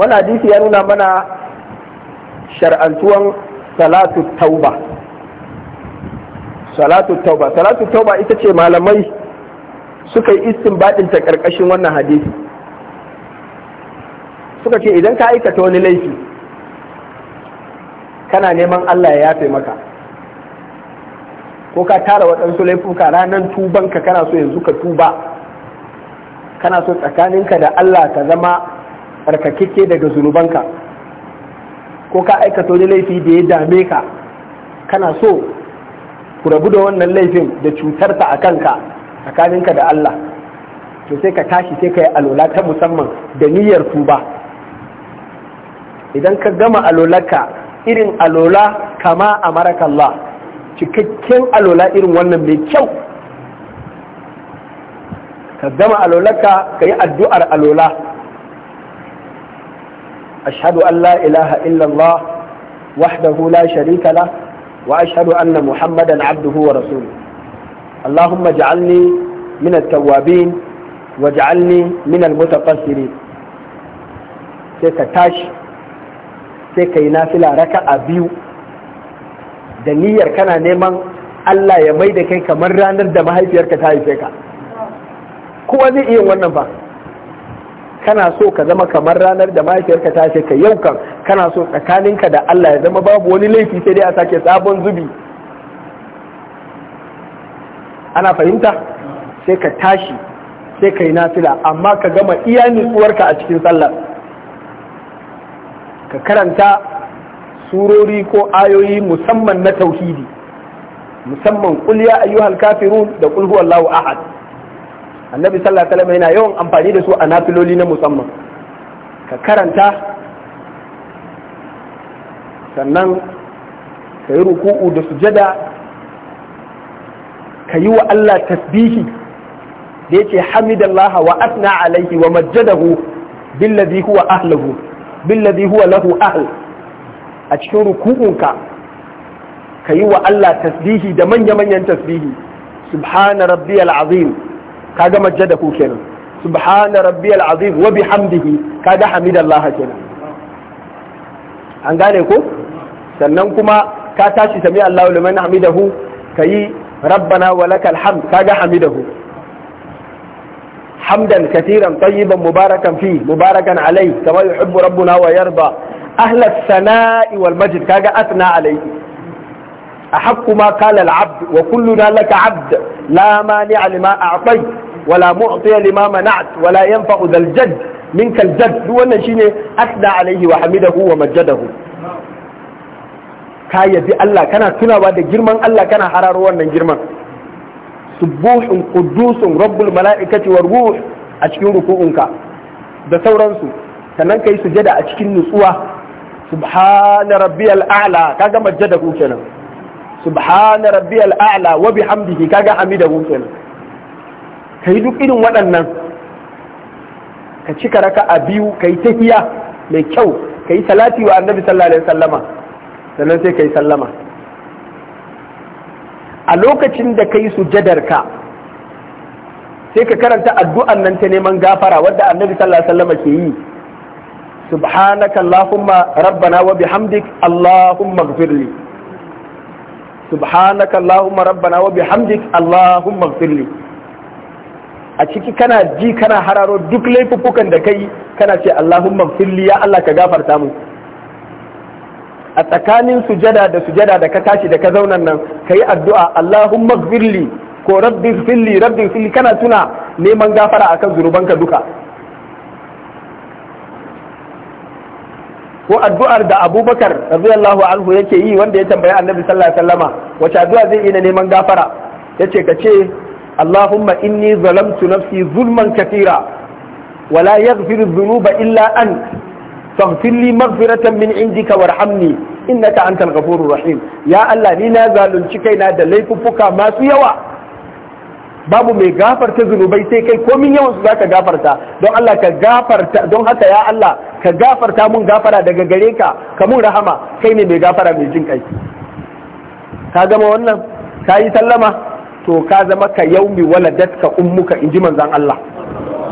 wani hadisi ya nuna mana shar'antuwan salatu tauba salatu tauba salatu tauba ita ce malamai suka yi istin baɗinta ƙarƙashin wannan hadisi suka ce idan ka aikata wani laifi kana neman Allah ya yafe maka ko ka tara waɗansu laifuka ranar tubanka kana so yanzu ka tuba kana so tsakaninka da Allah ka zama tsarkakeke daga zunubanka ko ka aikata wani laifi da ya dame ka kana so ku rabu da wannan laifin da cutarta a kanka tsakaninka da Allah to sai ka tashi sai ka yi alola ta musamman da niyyar tuba idan ka gama alolaka irin alola kama a marakallah cikakken alola irin wannan mai kyau ka gama alolaka ka yi addu'ar alola ashadu an la ilaha illallah wahdahu la sharika la wa ashadu anna muhammadan abduhu wa rasuluhu allahumma ja'alni min at-tawwabin waj'alni min al-mutaqassirin sai ka tashi sai ka yi nafila raka a biyu da niyyar kana neman Allah ya mai da kai kamar ranar da mahaifiyarka ta haife ka kowa zai iya wannan ba kana so ka zama kamar ranar da mahaifiyarka ta haife ka yau kan kana so tsakaninka da Allah ya zama babu wani laifi sai dai a sake sabon zubi ana fahimta sai ka tashi sai ka yi nafila amma ka gama iya nutsuwarka a cikin sallar ka karanta surori ko ayoyi musamman na tauhidi musamman qul ya ayyuhal kafirun da qul huwallahu ahad annabi sallallahu alaihi yana yawan amfani da su a nafiloli na musamman ka karanta sannan ka yi ruku'u da sujada ka yi wa Allah tasbihi da yake hamidallaha wa asna alaihi wa majjadahu billadhi huwa ahlahu billadhi huwa lahu ahl a cikin ruku'unka ka yi wa Allah tasbihi da manya-manyan tasbihi subhana rabbiyal azim ka gama jada ku kenan subhana rabbiyal azim wa bihamdihi ka ga hamidallah kenan an gane ku. sannan kuma ka tashi sami Allahu liman hamidahu kayi rabbana wa lakal hamd ka ga hamidahu حمدا كثيرا طيبا مباركا فيه مباركا عليه كما يحب ربنا ويرضى أهل الثناء والمجد كاجا أثنى عليه أحق ما قال العبد وكلنا لك عبد لا مانع لما أعطيت ولا معطي لما منعت ولا ينفع ذا الجد منك الجد هو شيء أثنى عليه وحمده ومجده كاية دي Allah كانت tunawa da جرمان Allah kana hararo wannan subuhun qudusun rabbul mala'ikati war ruh a cikin ruku'unka da sauransu sannan kai sujada a cikin nutsuwa subhana rabbiyal a'la kaga majjada ku kenan subhana rabbiyal a'la wa bihamdihi kaga hamida ku kenan kai duk irin waɗannan ka cika raka'a biyu kai tahiya mai kyau ka yi salati wa annabi sallallahu alaihi wasallama sannan sai ka yi sallama a lokacin da ka sujadar sujadarka sai ka karanta addu'an nan ta neman gafara wadda annabi sallallahu alaihi ke yi subhanaka allahumma rabbana wa bihamdik allahumma ighfirli subhanaka allahumma rabbana wa bihamdik allahumma ighfirli a ciki kana ji kana hararo duk laifukan da kai kana ce allahumma ighfirli ya Allah ka gafarta mu a tsakanin sujada da sujada da ka tashi da ka zaunan nan ka yi addu'a Allahumma gfirli ko rabbi filli rabbi filli kana tuna neman gafara akan zunubanka duka ko addu'ar da Abubakar radiyallahu anhu yake yi wanda ya tambayi Annabi sallallahu alaihi wasallama wace addu'a zai yi na neman gafara yace ka ce Allahumma inni zalamtu nafsi zulman katira wala yaghfiru dhunuba illa anta faghfir li maghfiratan min indika warhamni innaka antal ghafurur rahim ya Allah ni na zalunci kaina da laifuffuka masu yawa babu mai gafarta zunubai sai kai komin yawan su zaka gafarta don Allah ka gafarta don haka ya Allah ka gafarta mun gafara daga gare ka ka mun rahama kai ne mai gafara mai jin kai ka gama wannan ka yi sallama to ka zama ka yaumi waladatka ummuka inji manzon Allah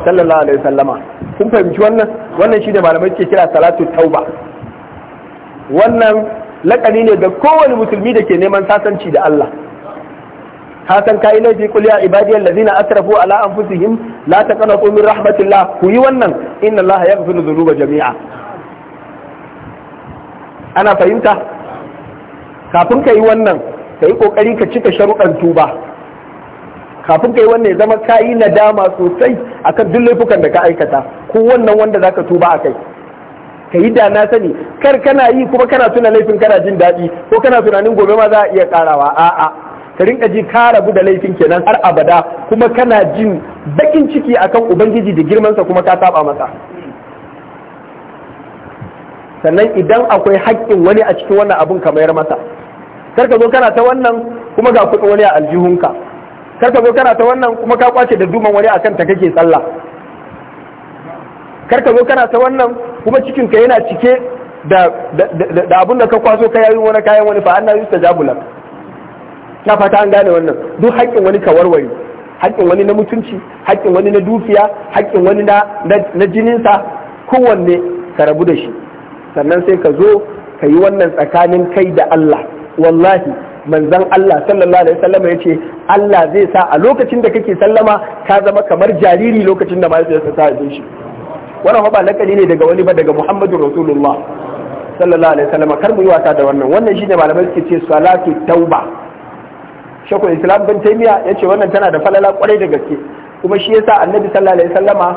sallallahu alaihi wasallama kun fahimci wannan wannan shine malamai ke kira salatu tauba wannan lakani ne ga kowane musulmi da ke neman sasanci da Allah ka san kai laifi qul ya ibadiyal ladina asrafu ala anfusihim la taqnatu min rahmatillah ku yi wannan inna Allah yaghfiru dhunuba jami'a ana fahimta kafin ka yi wannan ka yi kokari ka cika sharuɗan tuba kafin kai wannan ya zama ka yi nadama sosai akan duk laifukan da ka aikata ko wannan wanda za ka tuba a kai ka yi da na sani kar kana yi kuma kana tuna laifin kana jin daɗi ko kana tunanin gobe ma za a iya karawa a'a ka rinka ji ka rabu da laifin kenan har abada kuma kana jin bakin ciki akan ubangiji da girmansa kuma ka saba masa sannan idan akwai haƙƙin wani a cikin wannan abun ka mayar masa kar ka zo kana ta wannan kuma ga kuɗi wani a aljihunka kar ka zo kana ta wannan kuma ka kwace da duman wani akan ta kake tsalla, kar ka zo kana ta wannan kuma cikinka yana cike da da abin da ka kwaso ka yayin wani kayan wani fa anna yustajabu lak na fata an gane wannan duk haƙƙin wani ka warware haƙƙin wani na mutunci haƙƙin wani na dukiya haƙƙin wani na jininsa kowanne ka rabu da shi sannan sai ka zo ka yi wannan tsakanin kai da Allah wallahi manzan Allah sallallahu alaihi wasallam ya ce Allah zai sa a lokacin da kake sallama ka zama kamar jariri lokacin da mahaifiyarsa ta haife shi wannan ba lakali ne daga wani ba daga Muhammadu Rasulullah sallallahu alaihi wasallam kar mu yi wasa da wannan wannan shine malamai suke ce salatu tauba shakul islam bin taymiya ce wannan tana da falala kwarai da gaske kuma shi yasa annabi sallallahu alaihi wasallama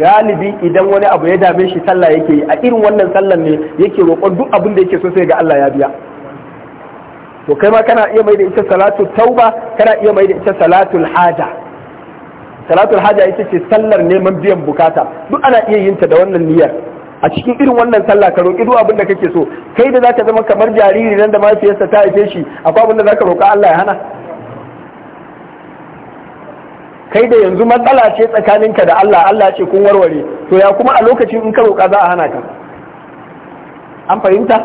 galibi idan wani abu ya dame shi sallah yake yi a irin wannan sallan ne yake roƙon duk abin da yake so sai ga Allah ya biya to kai ma kana iya mai da ita salatu tauba kana iya mai da ita salatu haja salatu haja ita ce sallar neman biyan bukata duk ana iya yin ta da wannan niyyar a cikin irin wannan sallah ka roki duk abin da kake so kai da zaka zama kamar jariri nan da sa ta haife shi akwai abin da zaka roƙa Allah ya hana kai da yanzu matsala ce tsakanin ka da Allah Allah ce kun warware to ya kuma a lokacin in ka roka za a hana ka an fahimta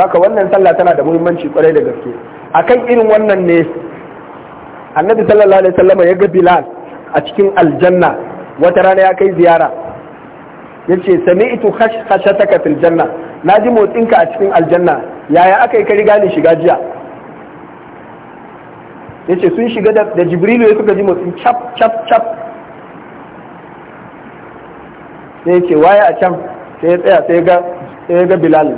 haka wannan sallah tana da muhimmanci kwarai da gaske akan irin wannan ne annabi sallallahu alaihi wasallam ya ga bilal a cikin aljanna wata rana ya kai ziyara yace sami'tu khashataka fil janna naji motsinka a cikin aljanna yaya aka yi ka riga ni shiga jiya yace sun shiga da jibrilu ya suka ji motsin chap chap chap sai yace waya a can sai ya tsaya sai ya ga bilal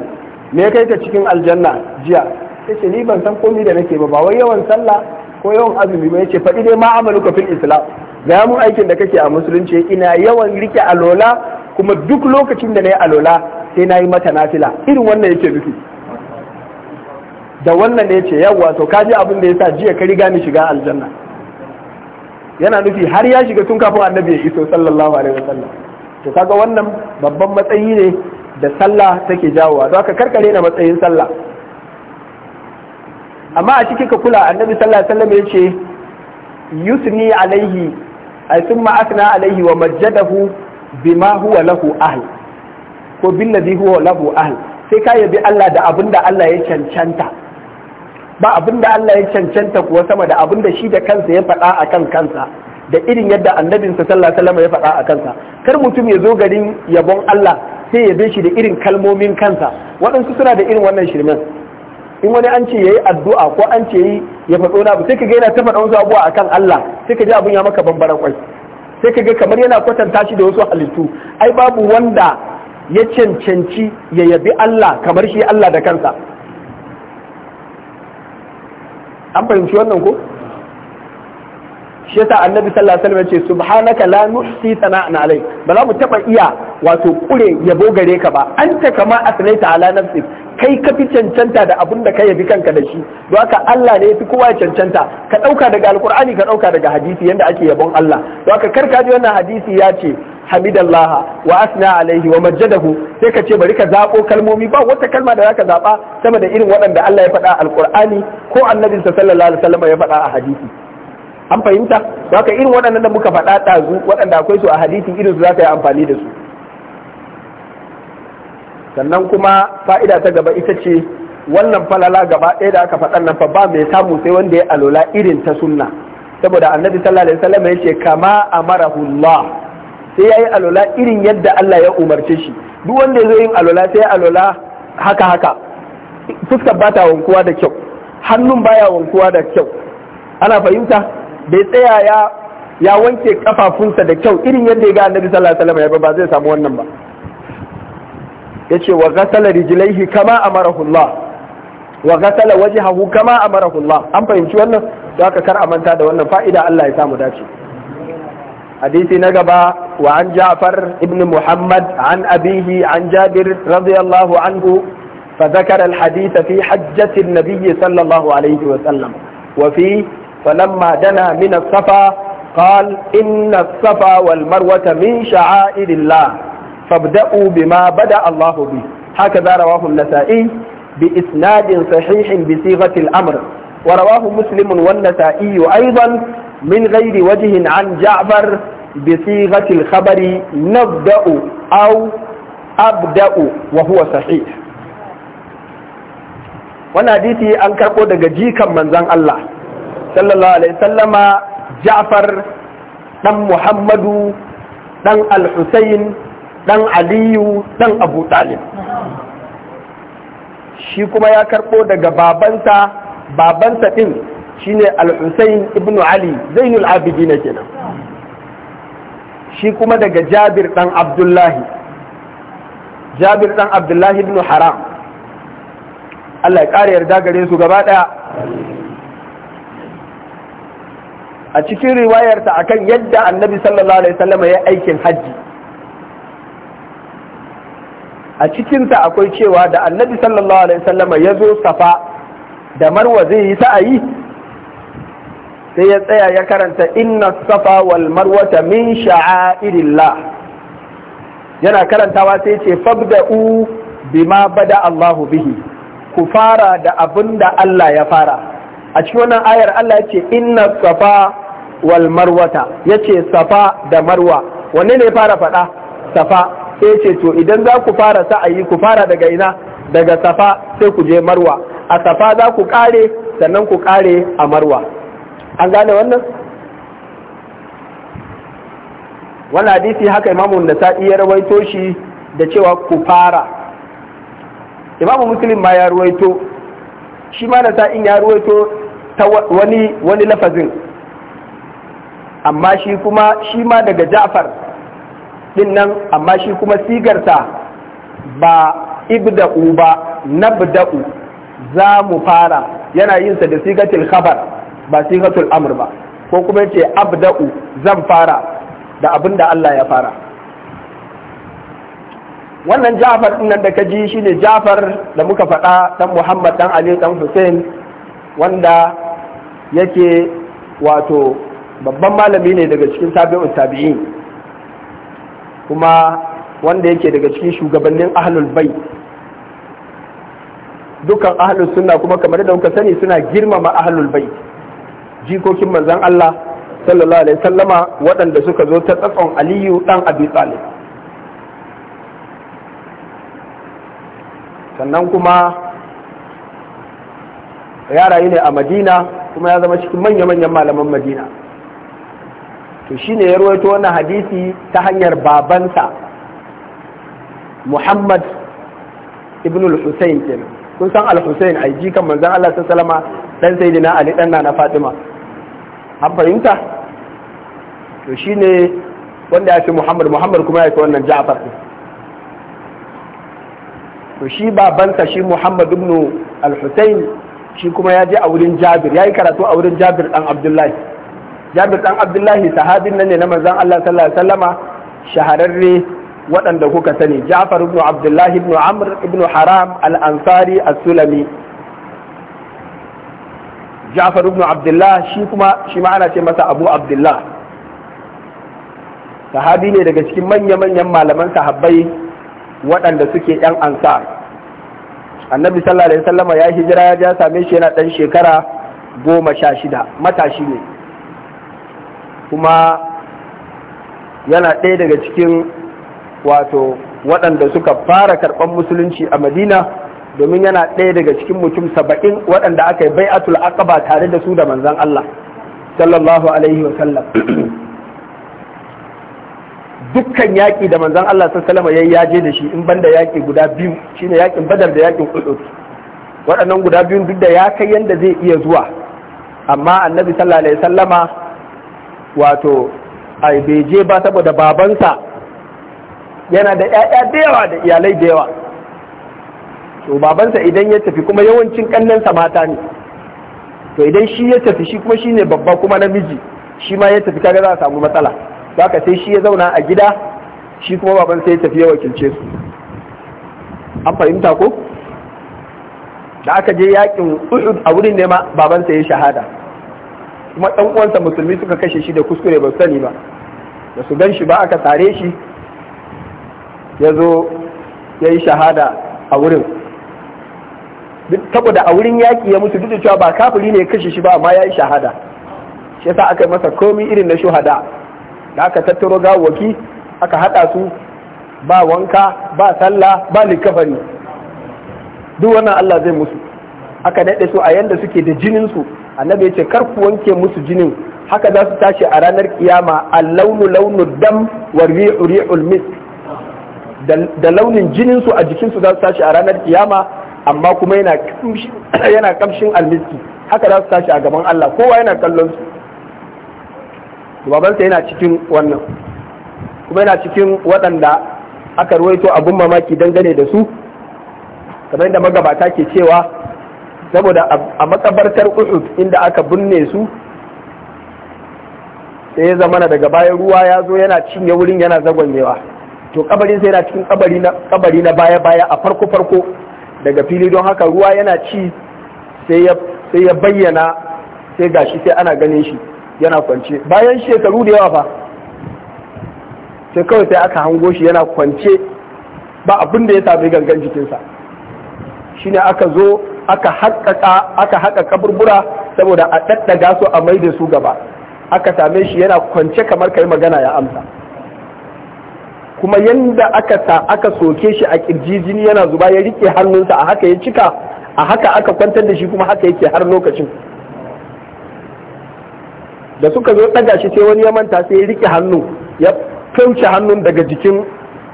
me kai ka cikin aljanna jiya yace ni ban san komai da nake ba ba wai yawan sallah ko yawan azumi ba yace faɗi dai ma amaluka fil islam ga mu aikin da kake a musulunci ina yawan rike alola kuma duk lokacin da nayi alola sai nayi mata nafila irin wannan yake nufi da wannan ne yace yawwa to ka abin da yasa jiya ka riga ni shiga aljanna yana nufi har ya shiga tun kafin annabi ya iso sallallahu alaihi wasallam to kaga wannan babban matsayi ne da sallah take jawowa za ka karkare na matsayin sallah amma a cikin ka kula annabi sallallahu alaihi wasallam yace yusni alaihi ay thumma asna alaihi wa majjadahu bima huwa lahu ahl ko billadhi huwa lahu ahl sai ka yabi Allah da abinda Allah ya cancanta ba abinda Allah ya cancanta kuwa sama da abinda shi da kansa ya faɗa akan kansa da irin yadda annabinsa sallallahu alaihi ya faɗa a kansa kar mutum ya zo garin yabon Allah sai ya bi shi da irin kalmomin kansa waɗansu suna da irin wannan shirmen in wani an ce yayi addu'a ko an ce yi ya faɗo na sai ka ga yana ta faɗa wasu abuwa akan Allah sai ka ji abun ya maka bambara kwai sai ka ga kamar yana kwatanta shi da wasu halittu ai babu wanda ya cancanci ya yabi Allah kamar shi Allah da kansa an fahimci wannan ko shi yasa annabi sallallahu alaihi wasallam yace subhanaka la nuhsi sana'an alai ba za mu taba iya wato kure yabo gare ka ba anta kama asnaita ala nafsi kai ka fi cancanta da abun da kai yabi kanka da shi don haka Allah ne yafi kowa ya cancanta ka dauka daga alqur'ani ka dauka daga hadisi yanda ake yabon Allah don haka kar ka ji wannan hadisi ya ce hamidallah wa asna alaihi wa majjadahu sai ka ce bari ka zabo kalmomi ba wata kalma da zaka zaba sama da irin waɗanda Allah ya faɗa alqur'ani ko annabinsa sallallahu alaihi wasallam ya faɗa a hadisi an fahimta da haka irin waɗannan da muka faɗa ɗazu waɗanda akwai su a hadisi irin su za ka yi amfani da su sannan kuma fa'ida ta gaba ita ce wannan falala gaba ɗaya da aka faɗa nan fa ba mai samu sai wanda ya alola irin ta sunna saboda annabi sallallahu alaihi wasallam ya ce kama mara Allah sai yayi alola irin yadda Allah ya umarce shi duk wanda ya zo yin alola sai ya alola haka haka fuskar bata wankuwa da kyau hannun baya wankuwa da kyau ana fahimta bai tsaya ya ya wanke kafafunsa da kyau irin yadda ya ga annabi sallallahu alaihi wasallam ba zai samu wannan ba yace wa ghasala rijlaihi kama amarahu Allah wa ghasala wajhahu kama amarahu Allah an fahimci wannan da haka kar a manta da wannan fa'ida Allah ya samu dace hadisi na gaba wa an Ja'far ibn Muhammad an abihi an Jabir radiyallahu anhu فذكر الحديث في حجة النبي sallallahu alaihi عليه wa fi فلما دنا من الصفا قال إن الصفا والمروة من شعائر الله فابدأوا بما بدأ الله به هكذا رواه النسائي بإسناد صحيح بصيغة الأمر ورواه مسلم والنسائي أيضا من غير وجه عن جعفر بصيغة الخبر نبدأ أو أبدأ وهو صحيح wannan hadisi an karɓo daga jikan manzan Allah sallallahu alaihi sallama ja'far dan muhammadu dan al-husayn dan aliyu dan abu talib shi kuma ya karɓo daga babansa babansa din shine al-husayn ibn ali zainul abidin kenan shi kuma daga jabir ɗan abdullahi jabir ɗan abdullahi ibnu haram Allah ya ƙara yarda gare su gaba ɗaya a cikin riwayarta kan yadda annabi sallallahu alaihi wasallam ya aikin hajji a cikinta akwai cewa da annabi sallallahu alaihi wasallam ya zo safa da marwa zai yi sa'ayi sai ya tsaya ya karanta inna safa wal marwata min sha'airillah yana karantawa sai ce fabda'u bima bada Allahu bihi ku fara da abin da Allah ya fara a cikin wannan ayar Allah ya ce inna safa wal marwata ce safa da marwa wanne ne fara faɗa safa sai ce to idan za ku fara sa'ayi ku fara daga ina daga safa sai ku je marwa a safa za ku kare sannan ku kare a marwa an gane wannan wannan hadisi haka imamu nasa'i iya rawaito shi da cewa ku fara imamu muslim ma ya rawaito shi ma nasa'in ya rawaito ta wani wani lafazin amma shi kuma shi ma daga ja'far din nan amma shi kuma sigarta ba ibda'u ba nabda'u za mu fara yana yin sa da sigatul khabar ba sigatul amr ba ko kuma yace abda'u zan fara da abin da Allah ya fara wannan ja'far din nan da ka ji shine ja'far da muka faɗa dan Muhammad dan Ali dan Hussein wanda yake wato babban malami ne daga cikin tabi'un tabi'in kuma wanda yake daga cikin shugabannin ahlul bai dukan ahlul sunna kuma kamar da kuka sani suna girmama ahlul bai jikokin manzon Allah sallallahu alaihi sallama waɗanda suka zo ta tsakon aliyu ɗan abi talib sannan kuma ya rayu ne a madina kuma ya zama cikin manya-manyan malaman madina to shine ya ruwaito wannan hadisi ta hanyar babansa Muhammad ibn al-Husayn kenan kun san al-Husayn ai kan manzon Allah sallallahu alaihi dan sayyidina Ali dan na Fatima an fahimta to shine wanda ya ce Muhammad Muhammad kuma ya ce wannan Ja'far to shi babansa shi Muhammad ibn al-Husayn shi kuma ya je a wurin Jabir yayi karatu a wurin Jabir dan Abdullahi jabir dan abdullahi sahabin nan ne na manzon Allah sallallahu alaihi wasallama shahararre waɗanda kuka sani Ja'far ibn Abdullahi ibn Amr ibn Haram al-Ansari as-Sulami Ja'far ibn Abdullah shi kuma shi ma ana ce masa Abu Abdullah sahabi ne daga cikin manya-manyan malaman sahabbai waɗanda suke ɗan ansar annabi sallallahu alaihi wasallama ya hijira ya same shi yana ɗan shekara goma sha shida matashi ne kuma yana ɗaya daga cikin wato waɗanda suka fara karɓar musulunci a madina domin yana ɗaya daga cikin mutum saba'in waɗanda aka yi bai bai'atul aqaba tare da su da manzan Allah sallallahu alaihi wa sallam dukkan yaƙi da manzan Allah sallallahu alaihi ya yaje da shi in banda yaƙi guda biyu shine yaƙin badar da yaƙin uhud waɗannan guda biyun duk da ya kai yanda zai iya zuwa amma annabi sallallahu alaihi sallama wato a beje ba saboda babansa yana da ƴaƴa da yawa da iyalai da yawa to babansa idan ya tafi kuma yawancin ƙannensa mata ne to idan shi ya tafi shi kuma shine babba kuma namiji shi ma ya tafi kaga za a samu matsala haka sai shi ya zauna a gida shi kuma babansa ya tafi ya wakilce su an fahimta ko da aka je yakin uhud a wurin ne ma babansa ya shahada kuma ɗan uwansa musulmi suka kashe shi da kuskure ba sani ba da su gan shi ba aka sare shi ya zo ya yi shahada a wurin saboda a wurin yaƙi ya mutu duk da cewa ba kafiri ne ya kashe shi ba amma ya yi shahada shi yasa aka yi masa komi irin na shuhada da aka tattaro gawaki aka haɗa su ba wanka ba sallah ba likafani duk wannan Allah zai musu aka daɗe su a yanda suke da jinin su annabi ya kar ku wanke musu jinin haka za su tashi a ranar kiyama al-launu launu dam wa ri'u ri'ul mis da launin jinin su a jikin su za su tashi a ranar kiyama amma kuma yana kamshin (coughs) yana kamshin almiski haka za su tashi a gaban Allah kowa yana kallon su babansa yana cikin wannan kuma yana cikin waɗanda aka ruwaito abun mamaki dangane da su kamar yadda magabata ke cewa saboda a makabartar uhud inda aka binne su sai ya zamana daga bayan ruwa ya zo yana cinye wurin yana zagonyewa to kabarin sai yana cikin kabari na baya baya a farko farko daga fili don haka ruwa yana ci sai ya bayyana sai gashi sai ana ganin shi yana kwance bayan shekaru da yawa fa sai kawai sai aka hango shi yana kwance ba abin da ya sami gangan jikinsa shine aka zo aka haƙaƙa aka haƙa kaburbura saboda a ɗaɗɗaga su a maida su gaba aka same shi yana kwance kamar kai magana ya amsa kuma yanda aka sa aka soke shi a ƙirji jini yana zuba ya rike hannunsa a haka ya cika a haka aka kwantar da shi kuma haka yake har lokacin da suka zo ɗaga shi sai wani ya manta sai ya rike hannu ya kauce hannun daga jikin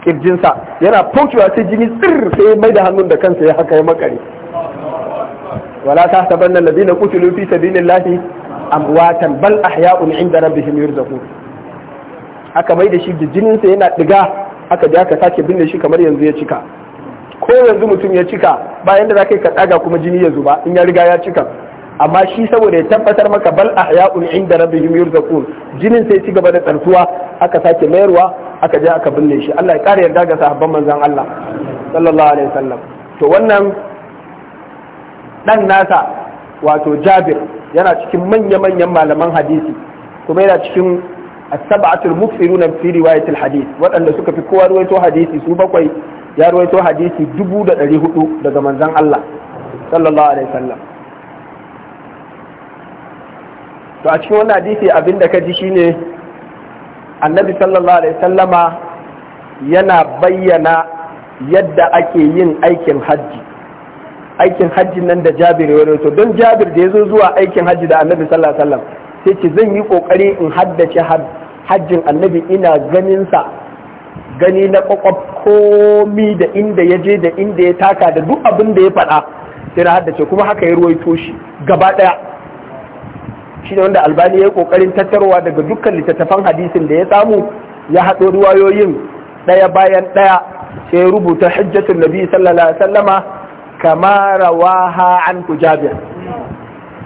ƙirjinsa. yana faucewa sai jini tsir sai ya mai da hannun da kansa ya haka ya makare wala tahsabanna alladhina qutilu fi sabilillahi amwatan bal ahya'un 'inda rabbihim yurzaqun aka mai da shi jinin sa yana diga aka je aka sake binne shi kamar yanzu ya cika ko yanzu mutum ya cika bayan da zaka ka daga kuma jini ya zuba in ya riga ya cika amma shi saboda ya tabbatar maka bal ahya'un 'inda rabbihim yurzaqun jinin sai ci gaba da tsarkuwa aka sake mayarwa aka je aka binne shi Allah ya kare yarda ga sahabban manzon Allah sallallahu alaihi wasallam to wannan dan nasa wato jabir yana cikin manya-manyan malaman hadisi kuma yana cikin as-sab'atul na fi riwayatil hadis waɗanda suka fi kowa ruwaito hadisi su bakwai ya ruwaito hadisi dubu da ɗari hudu daga manzon Allah sallallahu alaihi wasallam to a cikin wannan hadisi abinda ka ji shine annabi sallallahu alaihi wasallama yana bayyana yadda ake yin aikin hajji aikin hajji nan da jabir ya to don jabir da ya zo zuwa aikin hajji da annabi sallallahu alaihi wasallam sai ce zan yi kokari in haddace hajjin annabi ina ganin sa gani na kwakwab komi da inda ya je da inda ya taka da duk abin da ya faɗa sai na haddace kuma haka ya ruwaito shi gaba ɗaya shi ne wanda albani ya yi ƙoƙarin tattarwa daga dukkan littattafan hadisin da ya samu ya haɗo ruwayoyin ɗaya bayan ɗaya sai ya rubuta hajjatul nabi sallallahu alaihi wasallama kama rawaha an jabir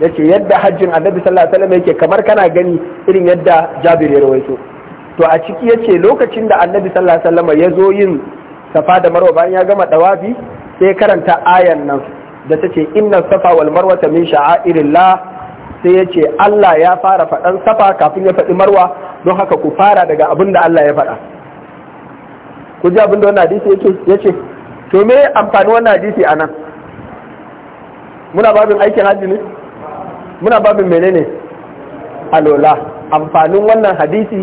yace yadda hajjin annabi sallallahu alaihi wasallam yake kamar kana gani irin yadda jabir ya rawaito to a ciki yace lokacin da annabi sallallahu alaihi wasallam ya zo yin safa da marwa bayan ya gama dawafi sai karanta ayan nan da tace inna safa wal marwa min sha'airillah sai yace Allah ya fara faɗan safa kafin ya faɗi marwa don haka ku fara daga abin da Allah ya faɗa ku ji abin da wannan hadisi yake yace to me amfani wannan hadisi anan muna babin aikin hajji ne muna babin menene alola amfanin wannan hadisi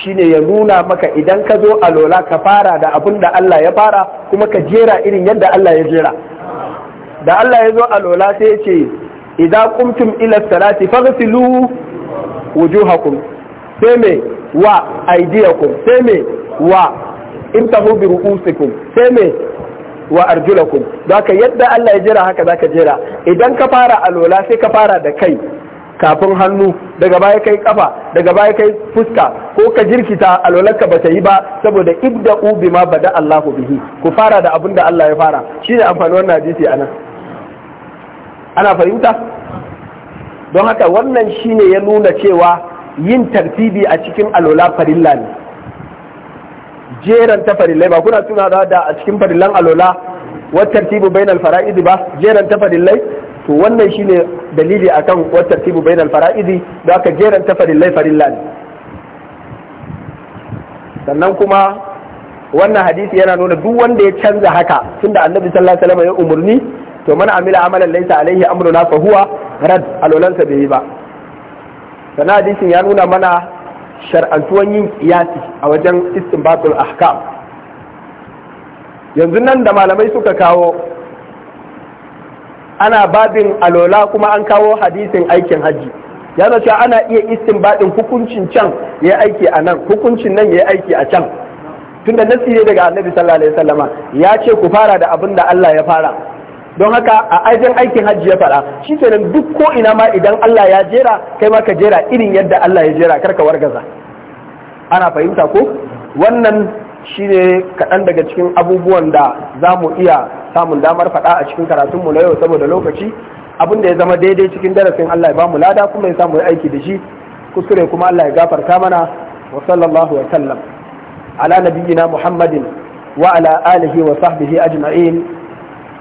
shine ya nuna maka idan ka zo alola ka fara da abin da Allah ya fara kuma ka jera irin yadda Allah ya jera da Allah ya zo alola sai ya ce idan kumtum ila salati faghsilu wujuhakum sai me wa aydiyakum sai me wa imtahu bi ru'usikum sai me wa arjulakum ka yadda Allah ya jira haka zaka jira idan ka fara alola sai ka fara da kai kafin hannu daga baya kai kafa daga baya kai fuska ko ka jirkita alwalarka ba ta yi ba saboda ibda'u bima bada Allahu bihi ku fara da abin da Allah ya fara shine amfani wannan hadisi anan ana fahimta don haka wannan shine ya nuna cewa yin tartibi a cikin alwala farilla ne jeran ta farillai ba kuna tuna da a cikin farillan alola wattar tibu bainal fara'idi ba jeran ta farillai to wannan shine dalili akan wattar tibu bainal fara'idi da aka jeran ta farillai farilla ne sannan kuma wannan hadisi yana nuna duk wanda ya canza haka tunda annabi sallallahu alaihi wasallam ya umurni to man amila amalan laysa alaihi amruna fa huwa rad alolansa bai yi ba sannan hadisin ya nuna mana shar'antuwan yin kiyasi a wajen istinbatul ahkam yanzu nan da malamai suka kawo ana babin alola kuma an kawo hadisin aikin hajji ya zace ana iya istinbadin hukuncin can ya aiki a nan hukuncin nan ya aiki a can tunda nasi ne daga annabi sallallahu alaihi wasallama ya ce ku fara da abin da Allah ya fara don haka a ajin aikin hajji ya fara shi kenan duk ko ina ma idan Allah ya jera kai ma ka jera irin yadda Allah ya jera karka wargaza ana fahimta ko wannan shine kaɗan daga cikin abubuwan da za mu iya samun damar faɗa a cikin karatunmu na yau saboda lokaci abin da ya zama daidai cikin darasin Allah ya bamu lada kuma ya samu aiki da shi kuskure kuma Allah ya gafarta mana wa sallallahu wa sallam ala nabiyyina Muhammadin wa ala alihi wa sahbihi ajma'in